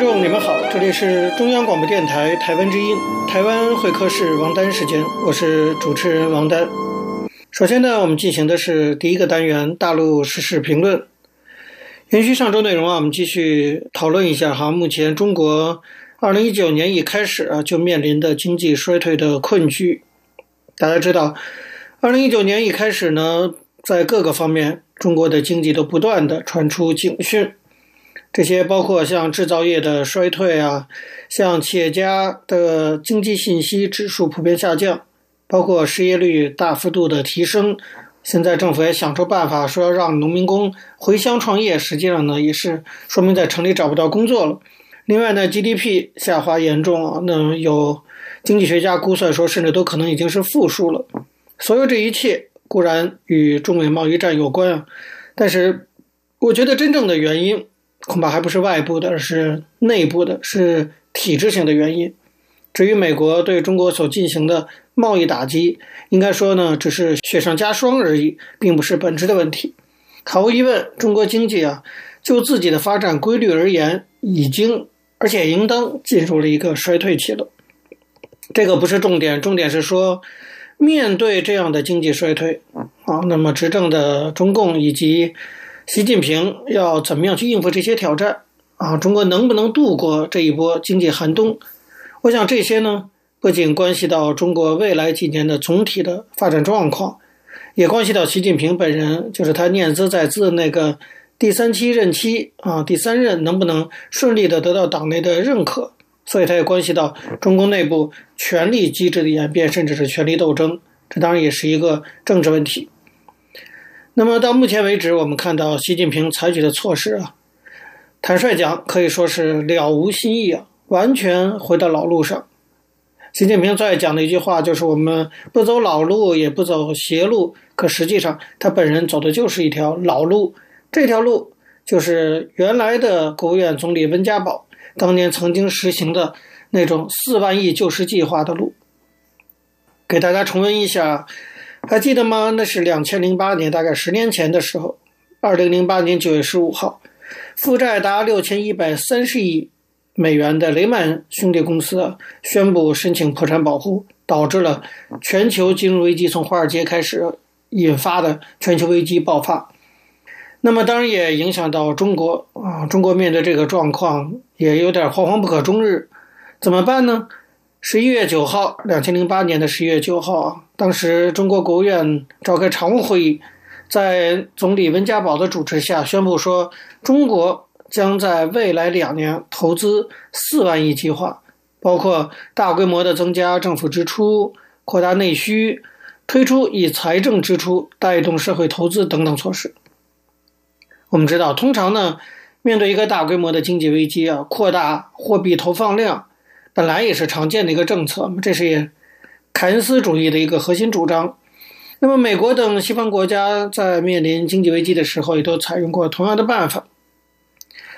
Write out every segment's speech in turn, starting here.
觀眾你們好，這裡是中央廣播電臺臺灣之音，臺灣會客室王丹時間，我是主持人王丹。首先呢，我們進行的是第一個單元，大陸時事評論。延續上周內容啊，我們繼續討論一下哈，目前中國二零一九年一開始啊就面臨的經濟衰退的困局。大家知道，二零一九年一開始呢，在各個方面，中國的經濟都不斷地傳出警訊。這些包括像製造業的衰退啊，像企業家的經濟信息指數普遍下降，包括失業率大幅度的提升。現在政府也想出辦法說要讓農民工回鄉創業，實際上呢也是說明在城裡找不到工作了。另外呢，GDP 下滑嚴重啊，那有經濟學家估算說甚至都可能已經是負數了。所有這一切固然與中美貿易戰有關啊，但是我覺得真正的原因。恐怕還不是外部的，而是內部的，是體制性的原因。至於美國對中國所進行的貿易打擊，應該說呢，只是雪上加霜而已，並不是本質的問題。毫無疑問，中國經濟啊，就自己的發展規律而言，已經而且應當進入了一個衰退期了。這個不是重點，重點是說，面對這樣的經濟衰退啊，那麼執政的中共以及。習近平要怎麼樣去應付這些挑戰？啊，中國能不能度過這一波經濟寒冬？我想這些呢，不僅關係到中國未來幾年的總體的發展狀況，也關係到習近平本人，就是他念茲在茲那個第三期任期啊，第三任能不能順利的得到黨內的認可？所以，它也關係到中共內部權力機制的演變，甚至是權力鬥爭。這當然也是一個政治問題。那麼到目前為止，我們看到習近平採取的措施啊，坦率講可以說是了無新意啊，完全回到老路上。習近平最愛講的一句話就是“我們不走老路，也不走邪路”，可實際上他本人走的就是一條老路，這條路就是原來的國務院總理溫家寶當年曾經實行的那種四萬億救市計劃的路。給大家重溫一下。還記得嗎？那是兩千零八年，大概十年前的時候，二零零八年九月十五號，負債達六千一百三十億美元的雷曼兄弟公司啊，宣布申請破產保護，導致了全球金融危機從華爾街開始引發的全球危機爆發。那麼，當然也影響到中國啊！中國面對這個狀況，也有點惶惶不可終日，怎麼辦呢？十一月九號，兩千零八年的十一月九號啊，當時中國國務院召開常務會議，在總理溫家寶的主持下宣布說，中國將在未來兩年投資四萬億計劃，包括大規模的增加政府支出、擴大內需、推出以財政支出帶動社會投資等等措施。我們知道，通常呢，面對一個大規模的經濟危機啊，擴大貨幣投放量。本來也是常見的一個政策，這是凱恩斯主義的一個核心主張。那麼，美國等西方國家在面臨經濟危機的時候，也都採用過同樣的辦法。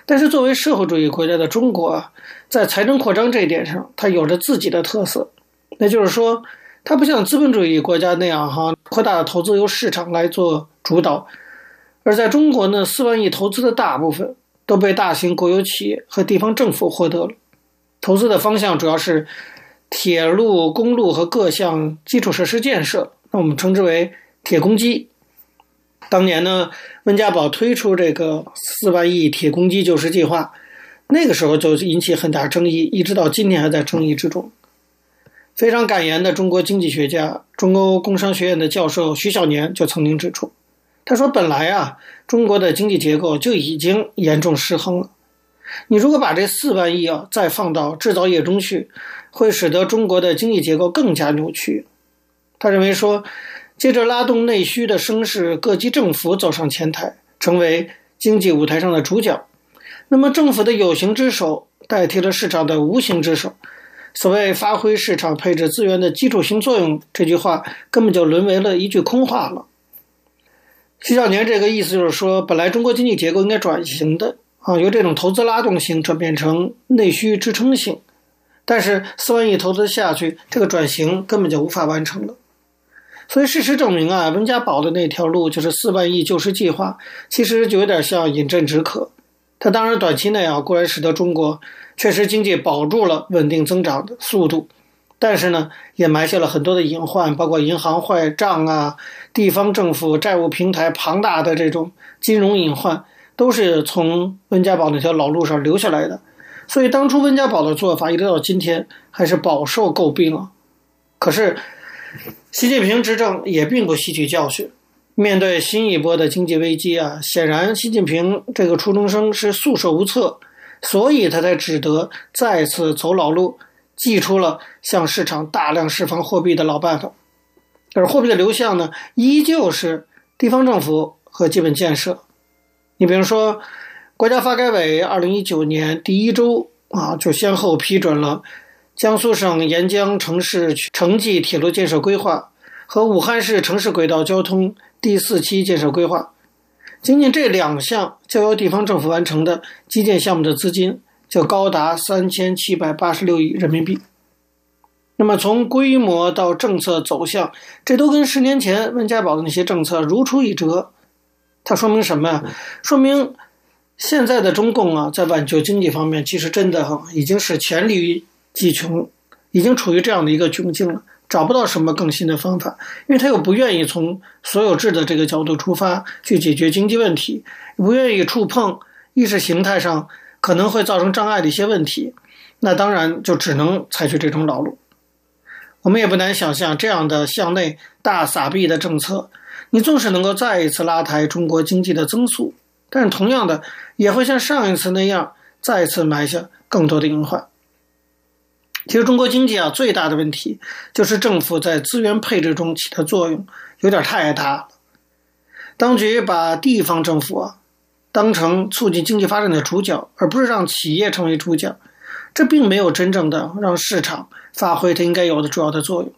但是，作為社會主義國家的中國，在財政擴張這一點上，它有着自己的特色。那就是說，它不像資本主義國家那樣哈、啊，擴大的投資由市場來做主導，而在中國呢，四萬億投資的大部分都被大型國有企業和地方政府獲得了。投資的方向主要是鐵路、公路和各項基礎設施建設，那我們稱之為“鐵公基”。當年呢，溫家寶推出這個四萬億“鐵公基”救市計劃，那個時候就引起很大爭議，一直到今天還在爭議之中。非常敢言的中國經濟學家、中歐工商學院的教授徐小年就曾經指出，他說：“本來啊，中國的經濟結構就已經嚴重失衡了。”你如果把這四萬億啊再放到製造業中去，會使得中國的經濟結構更加扭曲。他認為說，借着拉動內需的聲勢，各級政府走上前台，成為經濟舞台上的主角。那麼，政府的有形之手代替了市場的無形之手，所謂發揮市場配置資源的基礎性作用這句話，根本就淪為了一句空話了。許小年這個意思就是說，本來中國經濟結構應該轉型的。啊，由這種投資拉動型轉變成內需支撐型，但是四萬億投資下去，這個轉型根本就無法完成了。所以事實證明啊，溫家寶的那條路就是四萬億救市計劃，其實就有點像飲鴆止渴。它當然短期內啊，固然使得中國確實經濟保住了穩定增長的速度，但是呢，也埋下了很多的隱患，包括銀行壞賬啊、地方政府債務平台龐大的這種金融隱患。都是從溫家寶那條老路上留下來的，所以當初溫家寶的做法，一直到今天還是飽受詬病啊。可是，習近平執政也並不吸取教訓，面對新一波的經濟危機啊，顯然習近平這個初中生是束手無策，所以他才只得再次走老路，祭出了向市場大量釋放貨幣的老辦法，而貨幣的流向呢，依舊是地方政府和基本建設。你比如說，國家發改委二零一九年第一周啊，就先後批准了江蘇省沿江城市城際鐵路建設規劃和武漢市城市軌道交通第四期建設規劃。僅僅這兩項交由地方政府完成的基建項目的資金就高達三千七百八十六億人民幣。那麼，從規模到政策走向，這都跟十年前溫家寶的那些政策如出一轍。它說明什麼呀、啊？說明現在的中共啊，在挽救經濟方面，其實真的哈已經是黔驢技窮，已經處於這樣的一個窘境了，找不到什麼更新的方法。因為他又不願意從所有制的這個角度出發去解決經濟問題，不願意觸碰意識形態上可能會造成障礙的一些問題，那當然就只能採取這種老路。我們也不難想象，這樣的向內大撒幣的政策。你縱使能夠再一次拉抬中國經濟的增速，但是同樣的也會像上一次那樣，再一次埋下更多的隱患。其實，中國經濟啊，最大的問題就是政府在資源配置中起的作用有點太大了。當局把地方政府啊當成促進經濟發展的主角，而不是讓企業成為主角，這並沒有真正的讓市場發揮它應該有的主要的作用。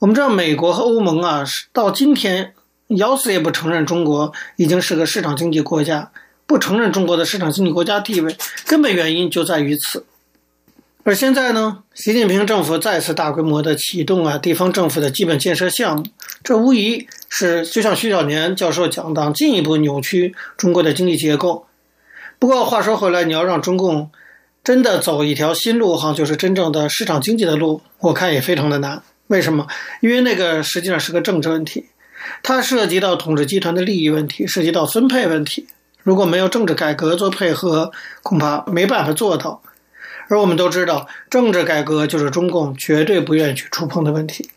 我們知道美國和歐盟啊，到今天咬死也不承認中國已經是個市場經濟國家，不承認中國的市場經濟國家地位，根本原因就在於此。而現在呢，習近平政府再次大規模的啟動啊，地方政府的基本建設項目，這無疑是就像許小年教授講的，進一步扭曲中國的經濟結構。不過話說回來，你要讓中共真的走一條新路，哈，就是真正的市場經濟的路，我看也非常的難。為什麼？因為那個實際上是個政治問題，它涉及到統治集團的利益問題，涉及到分配問題。如果沒有政治改革做配合，恐怕沒辦法做到。而我們都知道，政治改革就是中共絕對不願意去觸碰的問題。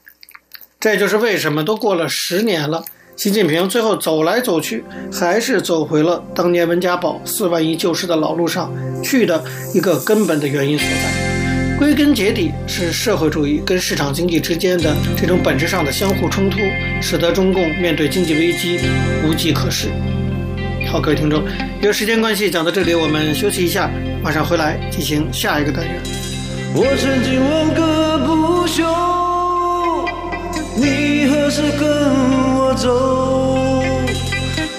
這就是為什麼都過了十年了，習近平最後走來走去，還是走回了當年溫家寶四萬億救市的老路上去的一個根本的原因所在。歸根結底是社會主義跟市場經濟之間的這種本質上的相互衝突，使得中共面對經濟危機無計可施。好，各位聽眾，由於時間關係，講到這裡，我們休息一下，馬上回來進行下一個單元。我曾經問個不休，你何時跟我走？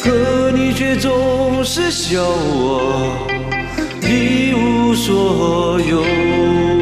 可你卻總是笑我一無所有。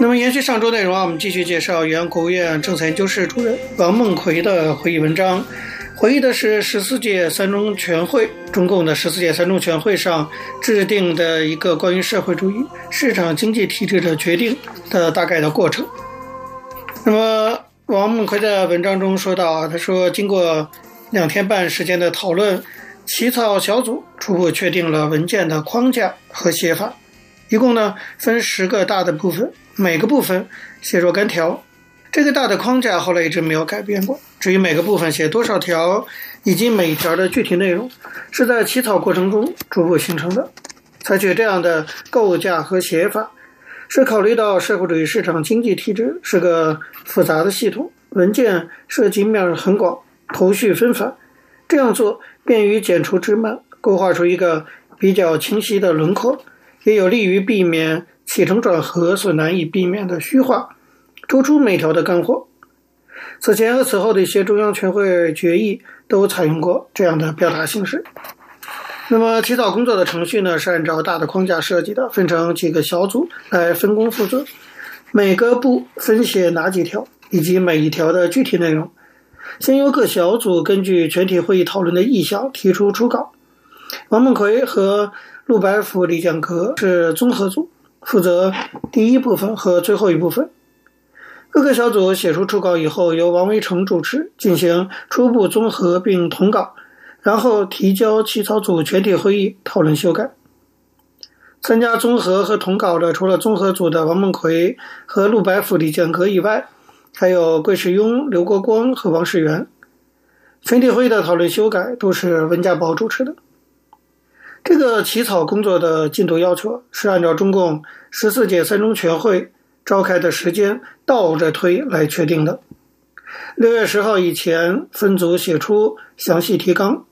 那麼，延續上周內容啊，我們繼續介紹原國務院政策研究室主任王夢奎的回憶文章。回憶的是十四屆三中全會，中共的十四屆三中全會上制定的一個關於社會主義市場經濟體制的決定的大概的過程。那麼，王夢奎在文章中說到啊，他說經過兩天半時間的討論，起草小組初步確定了文件的框架和寫法。一共呢分十個大的部分，每個部分寫若干條。這個大的框架後來一直沒有改變過。至於每個部分寫多少條，以及每條的具體內容，是在起草過程中逐步形成的。採取這樣的構架和寫法，是考慮到社會主義市場經濟體制是個複雜的系統，文件涉及面很廣，頭緒紛繁。這樣做便於剪除枝蔓，勾畫出一個比較清晰的輪廓。也有利於避免起承轉合所難以避免的虛化，突出每條的乾貨。此前和此後的一些中央全會決議都採用過這樣的表達形式。那麼起草工作的程序呢，是按照大的框架設計的，分成幾個小組來分工負責，每個部分寫哪幾條，以及每一條的具體內容。先由各小組根據全體會議討論的意向提出初稿。王夢奎和陸白甫、李建格是綜合組，負責第一部分和最後一部分。各個小組寫出初稿以後，由王維成主持進行初步綜合並統稿，然後提交起草組全體會議討論修改。參加綜合和統稿的，除了綜合組的王夢奎和陸白甫、李建格以外，還有桂世庸、劉國光和王世元。全體會議的討論修改都是溫家寶主持的。這個起草工作的進度要求是按照中共十四屆三中全會召開的時間倒着推來確定的。六月十號以前分組寫出詳細提綱，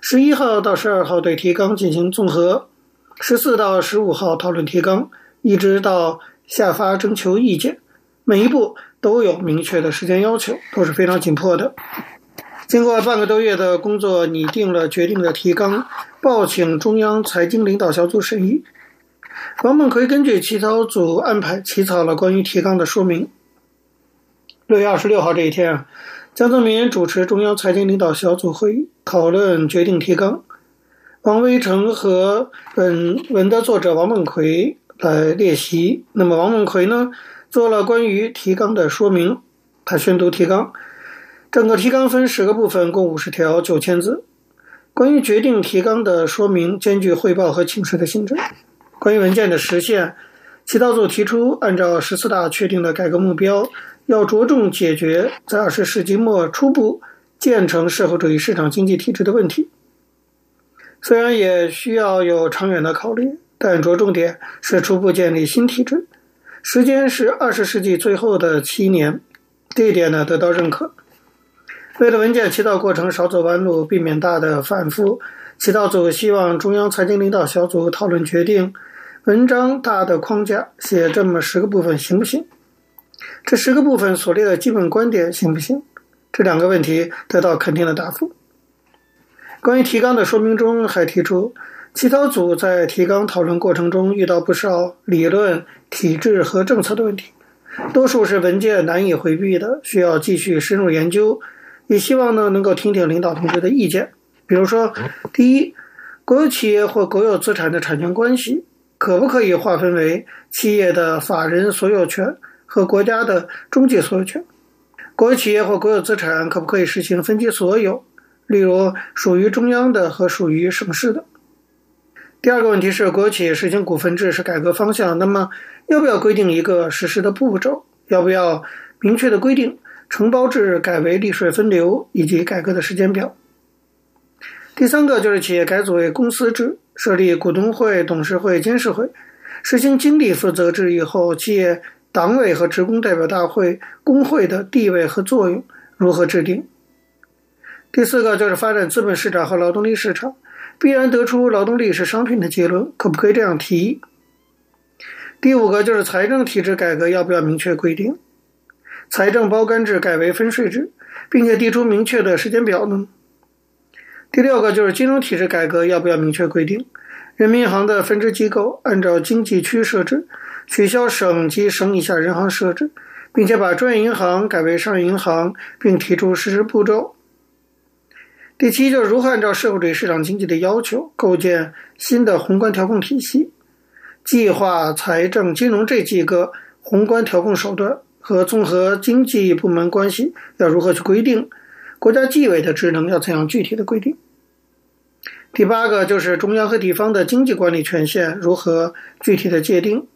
十一號到十二號對提綱進行綜合，十四到十五號討論提綱，一直到下發徵求意見，每一步都有明確的時間要求，都是非常緊迫的。經過半個多月的工作，擬定了決定的提綱，報請中央財經領導小組審議。王夢奎根據起草組安排，起草了關於提綱的說明。六月二十六號這一天啊，江澤民主持中央財經領導小組會議，討論決定提綱。王威成和本文的作者王夢奎來列席。那麼，王夢奎呢，做了關於提綱的說明，他宣讀提綱。整個提綱分十個部分，共五十條，九千字。關於決定提綱的說明，兼具匯報和請示的性質。關於文件的實現，起草組提出，按照十四大確定的改革目標，要着重解決在二十世紀末初步建成社會主義市場經濟體制的問題。雖然也需要有長遠的考慮，但着重點是初步建立新體制，時間是二十世紀最後的七年，這一點呢得到認可。為了文件起草過程少走彎路，避免大的反覆，起草組希望中央財經領導小組討論決定文章大的框架，寫這麼十個部分行不行？這十個部分所列的基本觀點行不行？這兩個問題得到肯定的答覆。關於提綱的說明中還提出，起草組在提綱討論過程中遇到不少理論、體制和政策的問題，多數是文件難以回避的，需要繼續深入研究。也希望呢能夠聽聽領導同志的意見，比如說，第一，國有企業或國有資產的產權關係可不可以劃分為企業的法人所有權和國家的終極所有權？國有企業或國有資產可不可以實行分級所有？例如，屬於中央的和屬於省市的。第二個問題是，國有企業實行股份制是改革方向，那麼要不要規定一個實施的步驟？要不要明確的規定？承包制改為利稅分流以及改革的時間表。第三個就是企業改組為公司制，設立股東會、董事會、監事會，實行經理負責制以後，企業黨委和職工代表大會、工會的地位和作用如何制定？第四個就是發展資本市場和勞動力市場，必然得出勞動力是商品的結論，可不可以這樣提？第五個就是財政體制改革要不要明確規定？財政包乾制改為分稅制，並且提出明確的時間表呢。第六個就是金融體制改革要不要明確規定，人民銀行的分支機構按照經濟區設置，取消省級省以下人行設置，並且把專業銀行改為商業銀行，並提出實施步驟。第七，就是如何按照社會主義市場經濟的要求構建新的宏觀調控體系，計劃、財政、金融這幾個宏觀調控手段。和綜合經濟部門關係要如何去規定？國家紀委的職能要怎樣具體的規定？第八個就是中央和地方的經濟管理權限如何具體的界定？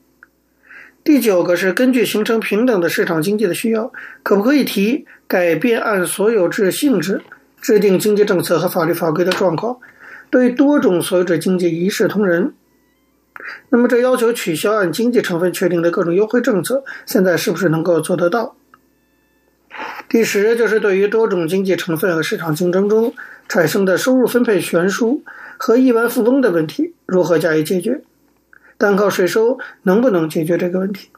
第九個是根據形成平等的市場經濟的需要，可不可以提改變按所有制性質制定經濟政策和法律法規的狀況，對於多種所有制經濟一視同仁。那麼，這要求取消按經濟成分確定的各種優惠政策，現在是不是能夠做得到？第十就是對於多種經濟成分和市場競爭中產生的收入分配懸殊和億萬富翁的問題，如何加以解決？單靠稅收能不能解決這個問題？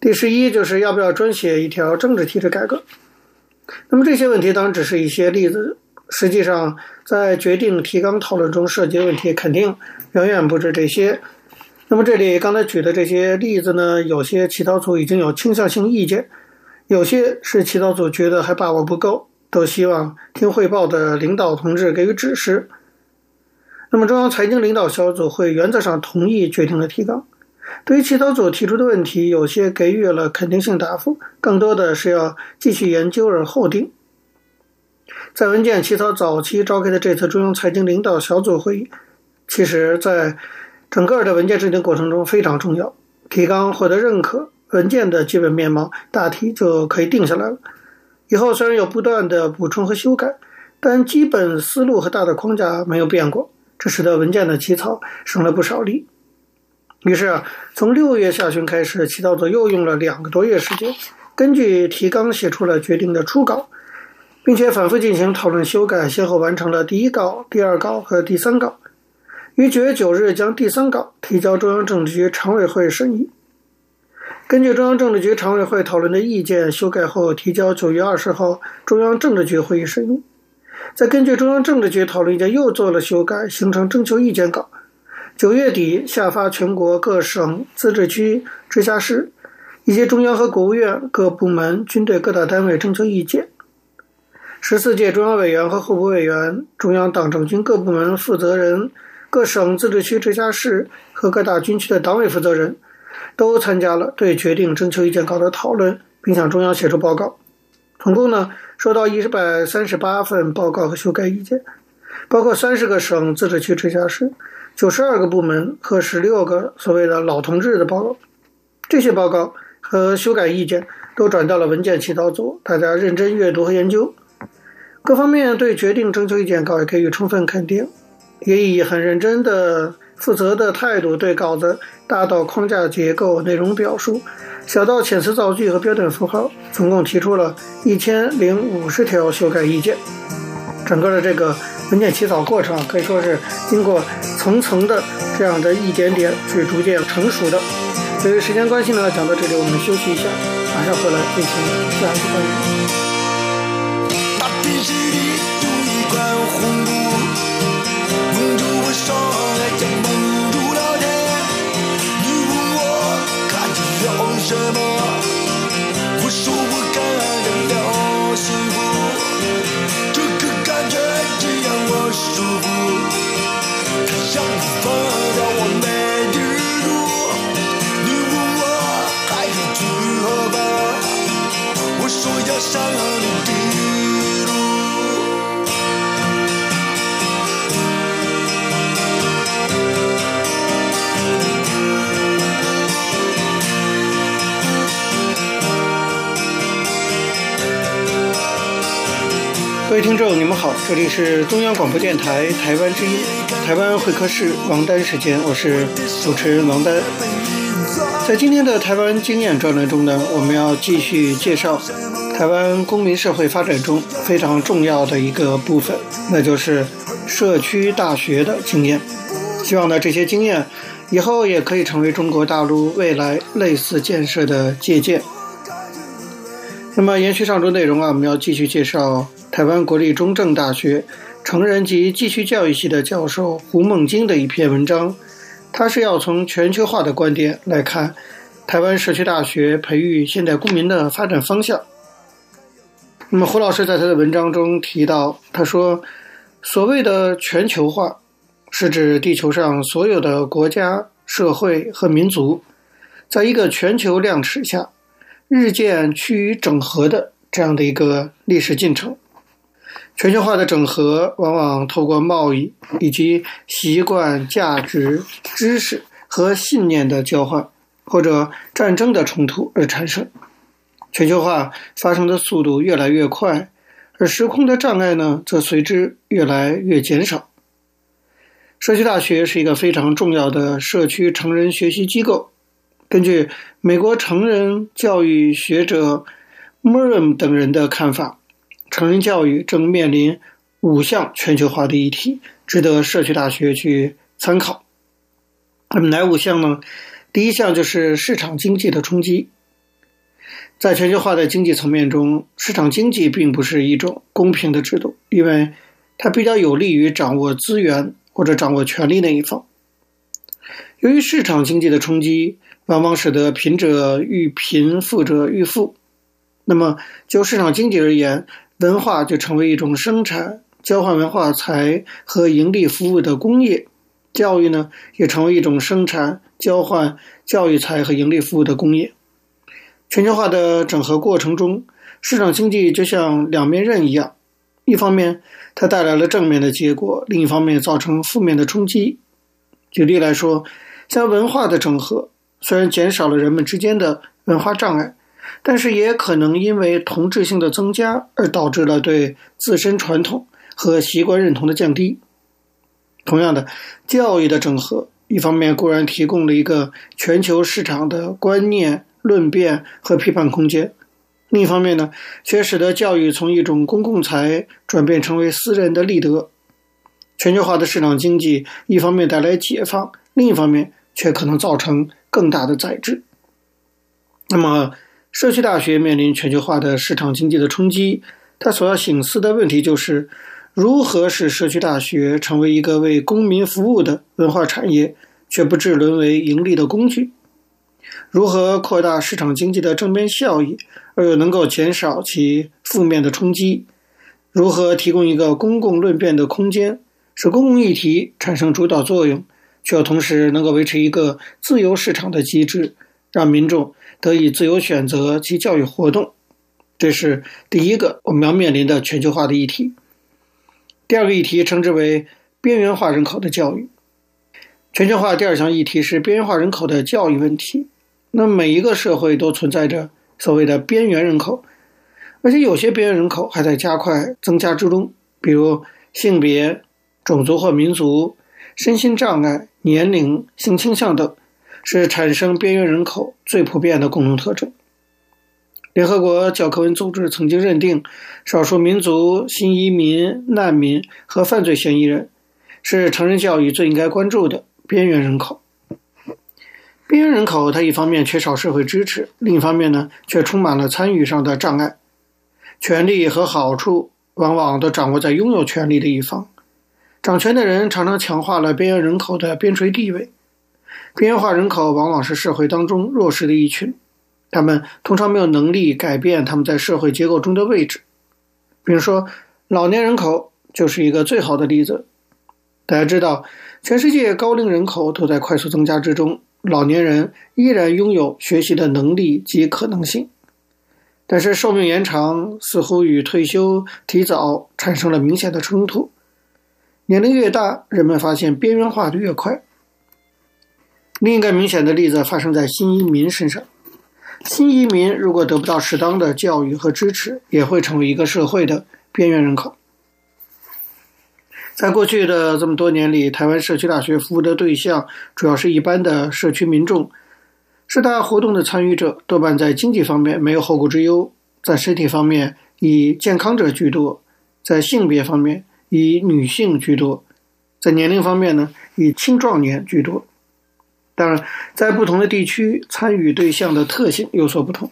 第十一就是要不要專寫一條政治體制改革？那麼這些問題，當然只是一些例子。實際上，在決定提綱討論中涉及的問題，肯定遠遠不止這些。那麼，這裡剛才舉的這些例子呢，有些起草組已經有傾向性意見，有些是起草組覺得還把握不夠，都希望聽匯報的領導同志給予指示。那麼，中央財經領導小組會原則上同意決定的提綱，對於起草組提出的問題，有些給予了肯定性答復，更多的是要繼續研究而後定。在文件起草早期召開的這次中央財經領導小組會議，其實在整個的文件制定過程中非常重要。提綱獲得認可，文件的基本面貌大體就可以定下來了。以後雖然有不斷的補充和修改，但基本思路和大的框架沒有變過，這使得文件的起草省了不少力。於是啊，從六月下旬開始，起草組又用了兩個多月時間，根據提綱寫出了決定的初稿。並且反覆進行討論、修改，先後完成了第一稿、第二稿和第三稿。於九月九日將第三稿提交中央政治局常委會審議。根據中央政治局常委會討論的意見，修改後提交九月二十號中央政治局會議審議。再根據中央政治局討論意見又做了修改，形成徵求意見稿。九月底下發全國各省、自治區、直轄市以及中央和國務院各部門、軍隊各大單位徵求意見。十四屆中央委員和候補委員、中央黨政軍各部門負責人、各省自治區直轄市和各大軍區的黨委負責人，都參加了對決定徵求意見稿的討論，並向中央寫出報告。總共呢，收到一百三十八份報告和修改意見，包括三十個省自治區直轄市、九十二個部門和十六個所謂的老同志的報告。這些報告和修改意見都轉到了文件起草組，大家認真閱讀和研究。各方面對決定徵求意見稿也給予充分肯定，也以很認真的、負責的態度對稿子大到框架結構、內容表述，小到遣詞造句和標點符號，總共提出了一千零五十條修改意見。整個的這個文件起草過程可以說是經過層層的這樣的一點點去逐漸成熟的。由於時間關係呢，講到這裡我們休息一下，馬上回來進行下一部分。大地是你用一塊紅布，蒙住我雙眼，也蒙住了天。你問我看見了什麼？我說我看見了幸福，這個感覺只讓我舒服，它讓我忘掉我沒各位聽眾，你們好，這裡是中央廣播電台台灣之音，台灣會客室，王丹時間，我是主持人王丹。在今天的台灣經驗專欄中呢，我們要繼續介紹。台灣公民社會發展中非常重要的一個部分，那就是社區大學的經驗。希望呢，這些經驗以後也可以成為中國大陸未來類似建設的借鑒。那麼延續上週內容啊，我們要繼續介紹台灣國立中正大學成人及繼續教育系的教授胡夢鯨的一篇文章，他是要從全球化的觀點來看台灣社區大學培育現代公民的發展方向。那麼，胡老師在他的文章中提到，他說：“所謂的全球化，是指地球上所有的國家、社會和民族，在一個全球量尺下，日漸趨於整合的這樣的一個歷史進程。全球化的整合，往往透過貿易以及習慣、價值、知識和信念的交換，或者戰爭的衝突而產生。”全球化發生的速度越來越快，而時空的障礙呢，則隨之越來越減少。社區大學是一個非常重要的社區成人學習機構。根據美國成人教育學者 Merriam 等人的看法，成人教育正面臨五項全球化的議題，值得社區大學去參考。那麼，哪五項呢？第一項就是市場經濟的衝擊。在全球化的經濟層面中，市場經濟並不是一種公平的制度，因為它比較有利於掌握資源或者掌握權力那一方。由於市場經濟的衝擊，往往使得貧者愈貧，富者愈富。那麼，就市場經濟而言，文化就成為一種生產、交換文化財和盈利服務的工業；教育呢，也成為一種生產、交換教育財和盈利服務的工業。全球化的整合過程中，市場經濟就像兩面刃一樣，一方面它帶來了正面的結果，另一方面造成負面的衝擊。舉例來說，像文化的整合，雖然減少了人們之間的文化障礙，但是也可能因為同質性的增加而導致了對自身傳統和習慣認同的降低。同樣的，教育的整合，一方面固然提供了一個全球市場的觀念。論辯和批判空間；另一方面呢，卻使得教育從一種公共財轉變成為私人的利得。全球化的市場經濟一方面帶來解放，另一方面卻可能造成更大的宰制。那麼，社區大學面臨全球化的市場經濟的衝擊，它所要省思的問題就是：如何使社區大學成為一個為公民服務的文化產業，卻不致淪為盈利的工具？如何擴大市場經濟的正面效益，而又能夠減少其負面的衝擊？如何提供一個公共論辯的空間，使公共議題產生主導作用，卻又同時能夠維持一個自由市場的機制，讓民眾得以自由選擇其教育活動？這是第一個我們要面臨的全球化的議題。第二個議題稱之為邊緣化人口的教育。全球化第二項議題是邊緣化人口的教育問題。那每一個社會都存在着所謂的邊緣人口，而且有些邊緣人口還在加快增加之中，比如性別、種族或民族、身心障礙、年齡、性傾向等，是產生邊緣人口最普遍的共同特徵。聯合國教科文組織曾經認定，少數民族、新移民、難民和犯罪嫌疑人是成人教育最應該關注的邊緣人口。邊緣人口，他一方面缺少社會支持，另一方面呢，卻充滿了參與上的障礙。權利和好處往往都掌握在擁有權利的一方，掌權的人常常強化了邊緣人口的邊陲地位。邊緣化人口往往是社會當中弱勢的一群，他們通常沒有能力改變他們在社會結構中的位置。比如說，老年人口就是一個最好的例子。大家知道，全世界高齡人口都在快速增加之中。老年人依然擁有學習的能力及可能性，但是壽命延長似乎與退休提早產生了明顯的衝突。年齡越大，人們發現邊緣化的越快。另一個明顯的例子發生在新移民身上。新移民如果得不到適當的教育和支持，也會成為一個社會的邊緣人口。在過去的這麼多年裡，台灣社區大學服務的對象主要是一般的社區民眾，社大活動的參與者，多半在經濟方面沒有後顧之憂，在身體方面以健康者居多，在性別方面以女性居多，在年齡方面呢以青壯年居多。當然，在不同的地區，參與對象的特性有所不同，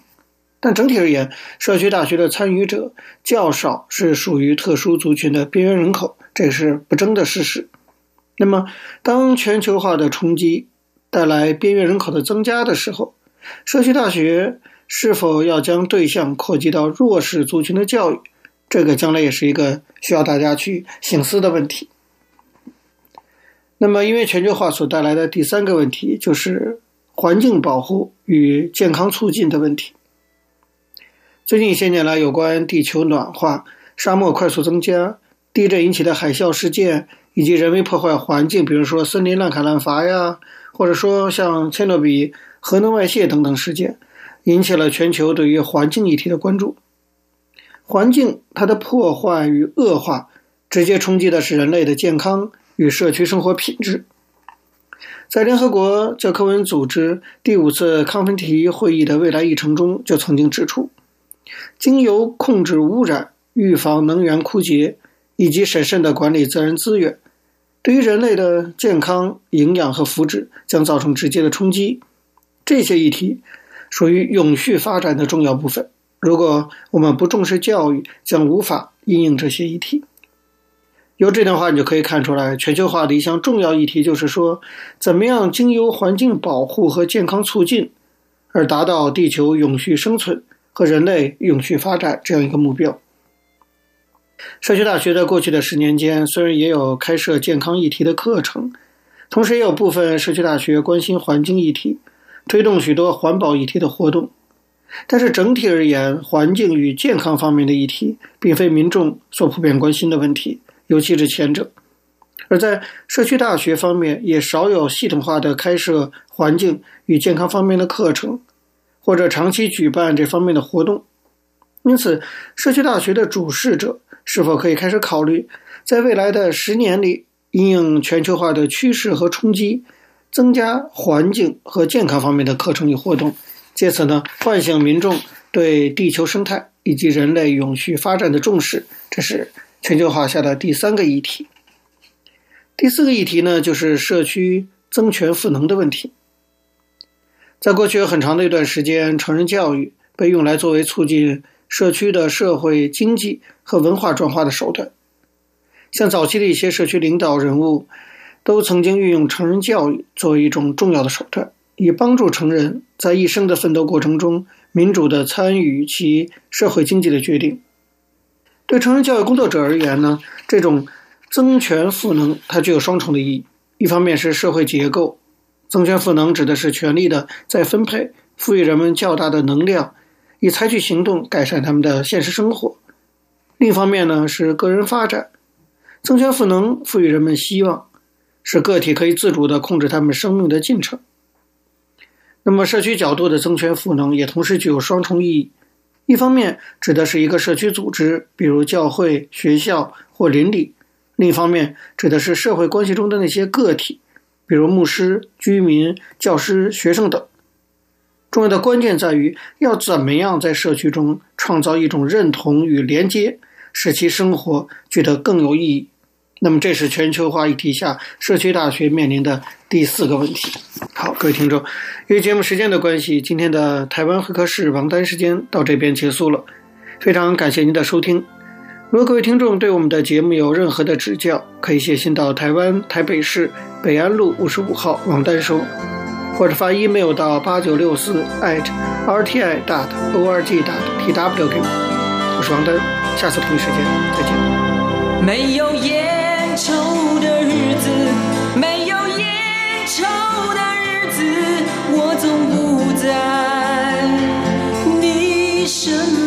但整體而言，社區大學的參與者較少是屬於特殊族群的邊緣人口。這是不爭的事實。那麼，當全球化的衝擊帶來邊緣人口的增加的時候，社區大學是否要將對象擴及到弱勢族群的教育？這個將來也是一個需要大家去省思的問題。那麼，因為全球化所帶來的第三個問題就是環境保護與健康促進的問題。最近一些年來，有關地球暖化、沙漠快速增加。地震引起的海嘯事件，以及人為破壞環境，比如說森林濫砍濫伐呀，或者說像切諾比核能外泄等等事件，引起了全球對於環境議題的關注。環境它的破壞與惡化，直接衝擊的是人類的健康與社區生活品質。在聯合國教科文組織第五次康芬提會議的未來議程中，就曾經指出，經由控制污染、預防能源枯竭。以及審慎地管理自然資源，對於人類的健康、營養和福祉將造成直接的衝擊。這些議題屬於永續發展的重要部分。如果我們不重視教育，將無法應用這些議題。由這段話你就可以看出來，全球化的一項重要議題就是說，怎麼樣經由環境保護和健康促進，而達到地球永續生存和人類永續發展這樣一個目標。社區大學在過去的十年間，雖然也有開設健康議題的課程，同時也有部分社區大學關心環境議題，推動許多環保議題的活動。但是整體而言，環境與健康方面的議題並非民眾所普遍關心的問題，尤其是前者。而在社區大學方面，也少有系統化的開設環境與健康方面的課程，或者長期舉辦這方面的活動。因此，社區大學的主事者，是否可以開始考慮，在未來的十年裡，應用全球化的趨勢和衝擊，增加環境和健康方面的課程與活動，借此呢，喚醒民眾對地球生態以及人類永續發展的重視？這是全球化下的第三個議題。第四個議題呢，就是社區增權賦能的問題。在過去很長的一段時間，成人教育被用來作為促進。社區的社會經濟和文化轉化的手段，像早期的一些社區領導人物，都曾經運用成人教育作為一種重要的手段，以幫助成人在一生的奮鬥過程中民主地參與及社會經濟的決定。對成人教育工作者而言呢，這種增權賦能它具有雙重的意義，一方面是社會結構，增權賦能指的是權力的再分配，賦予人們較大的能量。以採取行動改善他們的現實生活。另一方面呢，是個人發展，增權賦能，賦予人們希望，使個體可以自主地控制他們生命的進程。那麼，社區角度的增權賦能也同時具有雙重意義：一方面指的是一個社區組織，比如教會、學校或鄰里；另一方面指的是社會關係中的那些個體，比如牧師、居民、教師、學生等。重要的關鍵在於要怎麼樣在社區中創造一種認同與連接，使其生活覺得更有意義。那麼，這是全球化議題下社區大學面臨的第四個問題。好，各位聽眾，由於節目時間的關係，今天的台灣會客室王丹時間到這邊結束了。非常感謝您的收聽。如果各位聽眾對我們的節目有任何的指教，可以寫信到台灣台北市北安路五十五號王丹收。或者發 email 到 8964@rti.org.tw 給我，我是王丹，下次同一時間再見。沒有煙抽的日子，沒有煙抽的日子，我總不在你身。